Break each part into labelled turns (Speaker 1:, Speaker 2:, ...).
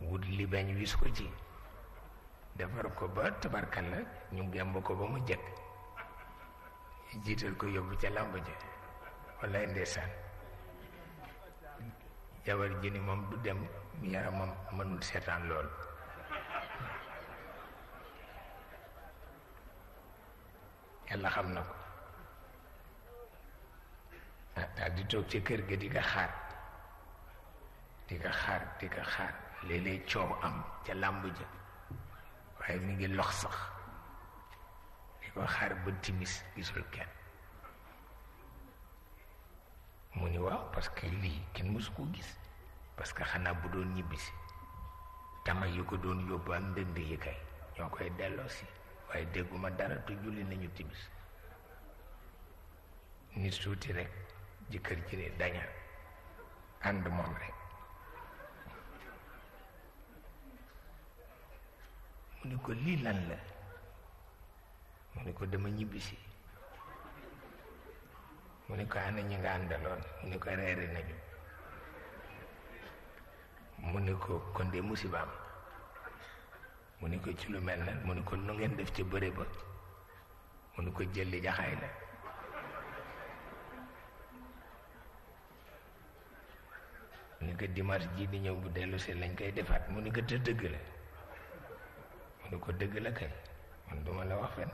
Speaker 1: wudli bañ wis ko ci defar ko ba tabarkalla ñu gemb ko ba mu jek jiital ko yóbbu ci lamb ja wallahi ndeysaan jabar jini mom du dem yaramam mënul setan lool yalla xamna ko ah, daal di tok ci kër ga di ga xaar di ga xaar di ga xaar léeg-léeg coow am ca làmb ja waaye mi ngi lox sax di ko xaar ba timis gisul kenn mu ni waaw parce lii kenn mësu ko gis parce que xanaa bu doon ñibbisi tama yi ko doon yóbbu ak ndënd yi kay ñoo koy delloo waaye dégguma dara te julli nañu timis nit suuti rek jëkkër ji ne daña ànd moom rek mu ne ko lii lan la mu ne ko dama ñibbisi mu ne ko ana ñi nga àndaloon mu ne ko reere nañu mu ne ko kon musibaam mu ne ko ci lu mel na mu ne ko nu ngeen def ca bëre ba mu ne ko jëlli jaxaay na mu ne ko dimanche ji di ñëw bu dellu lañ koy defaat mu ne ko te dëgg la ni ko dëgg la kay man duma la wax fen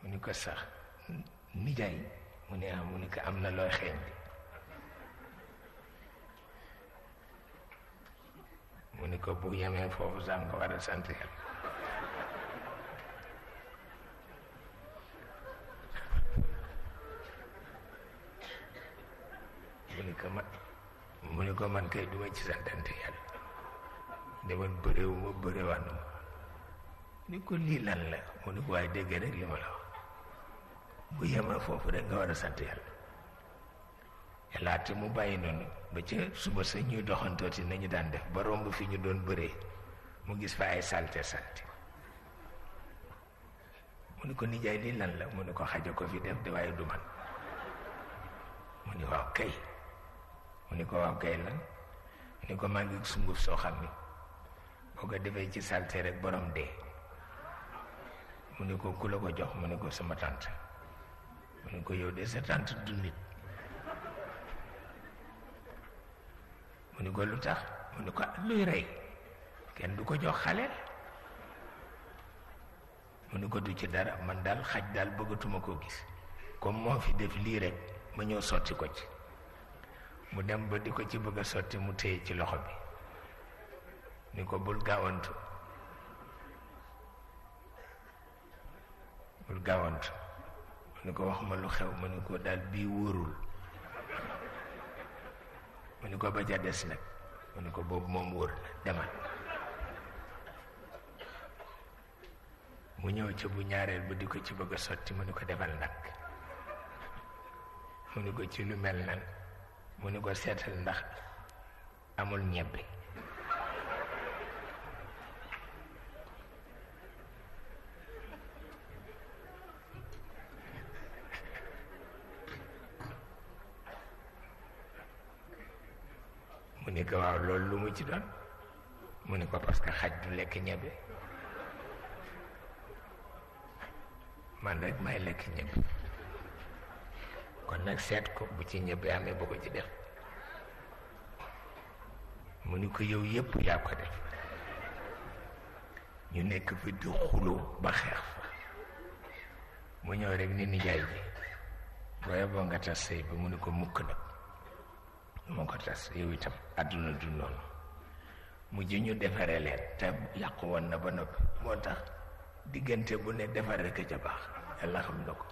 Speaker 1: mu ni ko sax nijaay mu ne ah mu ni ko am na looy xeeñ mu ni ko bu yemee foofu sax nga war a sant yàlla mu ni ko man mu ni ko man kay duma ci santante yàlla ne man bëréewu ma ni ko lii lan la mu ne ko waaye dégg rek li ma la wax bu yemal foofu rek nga war a sant yàlla yàlla te mu bàyyi noonu ba ca suba sa ñuy doxantooti nañu daan def ba romb fi ñu doon bëree mu gis fa ay salte salte mu ne ko nijaay lii lan la mu ne ko xaja ko fi def de du man mu ne waaw kay mu ne ko waaw kay lan mu ko maa ngi sunguf soo xam ni ko ga defé ci salté rek borom dé mu ko ko jox mu ko sama tante mu ko yow dé sa tante du nit mu ko ko luy rey kèn du ko jox xalé mu ko du ci dara man dal xaj dal bëggatuma ko gis comme mo fi def li rek ma ñoo sotti ko ci mu dem ba diko ci bëgg mu téy ci loxo bi ni ko bul gaawantu bul gaawantu mu ni ko wax ma lu xew mu ni ko daal bii wóorul mu ni ko ba ca des nag mu ni ko boobu moom wóor demal mu ñëw ca bu ñaareel ba di ko ci bëgg a sotti mu ni ko defal ndànk mu ni ko ci lu mel nan mu ni ko seetal ndax amul ñebbe mu ni ko waaw loolu lu mu ci doon mu ni ko parce que xaj du lekk ñebe man rek may lekk ñebe kon nag seet ko bu ci ñebe amee ba ko ci def mu ni ko yow yépp yaa ko def ñu nekk fi di xuloo ba xeex fa mu ñëw rek ni nijaay bi booye boo nga tas sëy bi mu ni ko mukk nag moo ko tas yow itam àdduna du noonu mujj ñu defaree leen te yàqu woon na ba noppi moo tax diggante bu ne defar rek ca baax yàlla xam na ko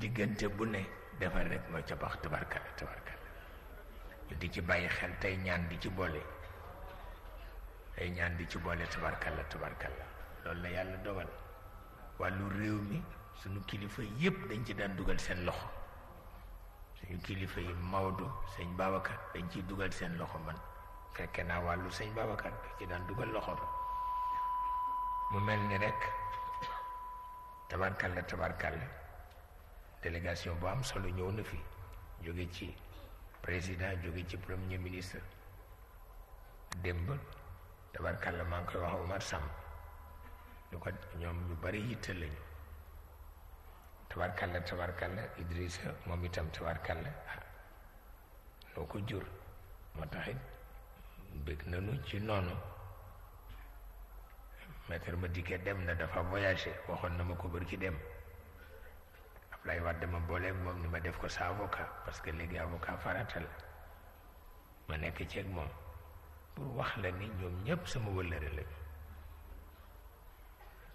Speaker 1: diggante bu ne defar rek moo ca baax tabarkala tabarkala ñu di ci bàyyi xel tey ñaan di ci boole tey ñaan di ci boole tabarkala tabarkala loolu la yàlla dogal wàllu réew mi sunu kilifa yépp dañ ci daan dugal seen loxo suñu kilifa yi Maodo sëñ Babacar dañ ciy dugal seen loxo man fekke naa wàllu sëñ Babacar da ci daan dugal loxoom mu mel ni rek tabarkalla tabarkalla délégation bu am solo ñëw na fi jóge ci président jóge ci premier ministre démb tabarkalla maa ngi koy wax Omar Samb ñoom ñu bari yitte lañu tabarkalla tabarkalla Idrissa moom itam tabarkalla ah noo ko jur moo taxit bëgg nanu ci noonu maître ma dikkee dem na dafa voyagé waxoon na ma ko bër ci dem Ablaye Wade dama booleeg moom ni ma def ko sa avocat parce que léegi avocat farata la ma nekk ceeg moom pour wax la ni ñoom ñëpp sama wëllëre la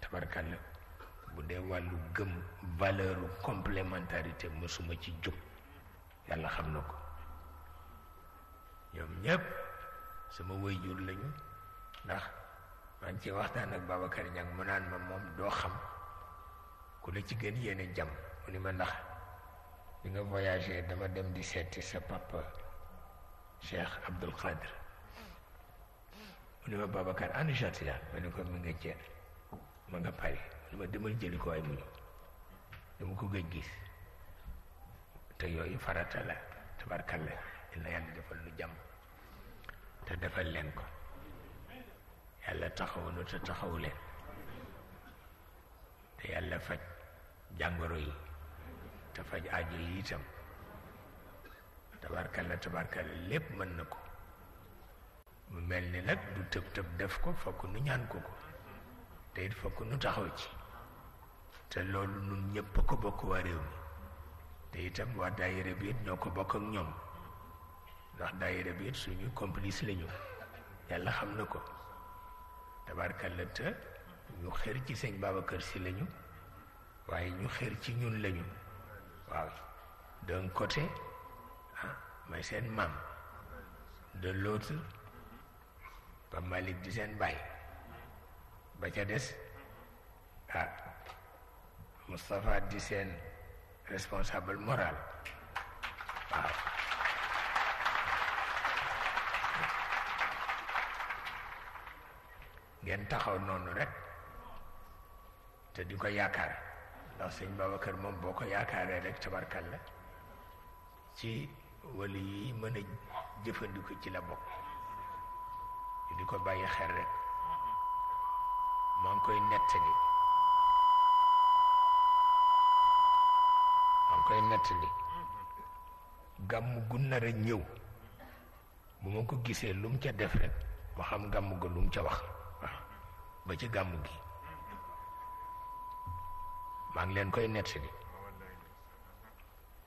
Speaker 1: tabarkalla bu dee wàllu gëm valeur complémentarité mësuma ci jóg yàlla xam na ko ñoom ñëpp sama jur lañu ndax maa ngi ci waxtaan ak Babacar Niang mu naan ma moom doo xam ku la ci gën yéene jàmm mu ni ma ndax bi nga voyagé dama dem di seeti sa papa Cheikh Abdul Qadir mu ni ma Babacar anu Jatiya ma ni ko mi nga jeex ma nga Paris dama demal jëli ko ay mu dama ko gëj gis te yooyu farata la tabarkalla dina yàlla defal lu jàmm te defal leen ko yàlla taxaw nu te taxaw leen te yàlla faj jàngoro yi te faj aajo yi itam tabarkalla tabarkalla lépp mën na ko mu mel ni nag du tëb tëb def ko fokk nu ñaan ko ko te it fokk nu taxaw ci te loolu nun ñëpp ko bokk waa réew mi te itam waa daayira bi it ko bokk ak ñoom ndax daayira bi it suñu complice lañu yàlla xam na ko tabaarkalla te ñu xër ci sëñ kër Si lañu waaye ñu xër ci ñun lañu waaw d'un ah, may seen maam de l'autre ba Malick di seen baay ba ca des ah Moustapha di seen responsable moral waaw ngeen taxaw noonu rek te di ko yaakaar ndax sëñ Babacar moom boo ko yaakaaree rek tabarkal la ci wala yi mën a jëfandiku ci la bokk di ko bàyyi xel rek maa ngi koy nettali koy nettali gàmm gu nar a ñëw bu ma ko gisee lu mu ca def rek ma xam gàmm ga lu mu ca wax ba ci gàmm gi maa ngi leen koy nettali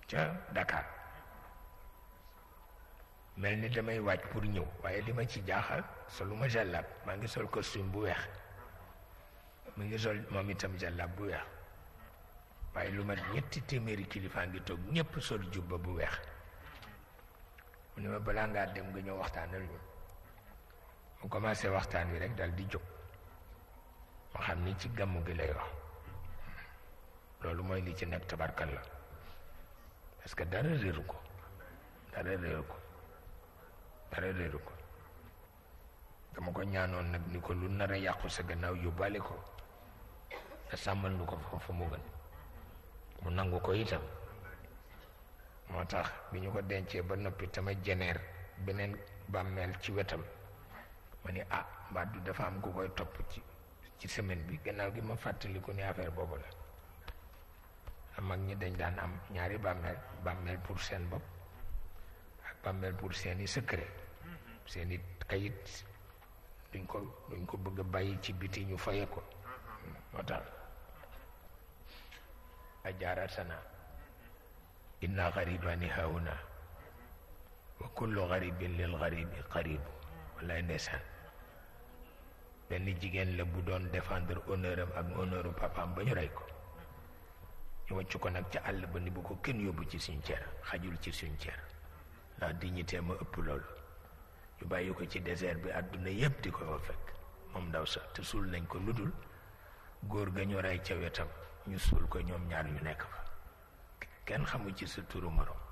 Speaker 1: ca Dakar mel ni damay waaj pour ñëw waaye li ma ci jaaxal ma jàllaab maa ngi sol costume bu weex mu ngi sol moom itam jàllaab bu weex waaye lu mat ñetti téeméeri kilifaa ngi toog ñépp sol ba bu weex mu ne ma balaa ngaa dem nga ñëw waxtaanal ñu mu commencé waxtaan wi rek dal di jóg ma xam ni ci gàmmu gi lay wax loolu mooy li ci nekk tabarkal la parce que dara réeru ko dara réeru ko dama ko ñaanoon nag ni ko lu nar a yàqu sa gannaaw yóbbaale ko te sàmmal nu ko foofu mu gën mu nangu ko itam moo tax bi ñu ko dencee ba noppi sama jeneer beneen bàmmeel ci wetam ma ni ah mbaa bi dafa am ku koy topp ci ci semaine bi gannaaw gi ma fàttaliku ni affaire boobu la mag ñi dañ daan am ñaari bàmmeel bàmmeel pour seen bopp ak bàmmeel pour seeni secret seeni kayit duñ ko duñ ko bëgg a bàyyi ci biti ñu faye ko moo tax أجارتنا إنا غريبان هاهنا وكل غريب للغريب قريب walla ndeysaan benn jigéen la bu doon défendre honneur am ak honneur papaam ba ñu rey ko ñu wàcc ko nag ca àll ba ni bu ko kenn yóbbu ci suñ ceer xajul ci suñ ceer ndax dignité ma ëpp loolu ñu bàyyi ko ci désert bi àdduna yépp di ko fa fekk moom ndaw sax te suul nañ ko lu dul góor ga ñu rey ca wetam ñu suul ko ñoom ñaar ñu nekk fa kenn xamu ci sa turu morom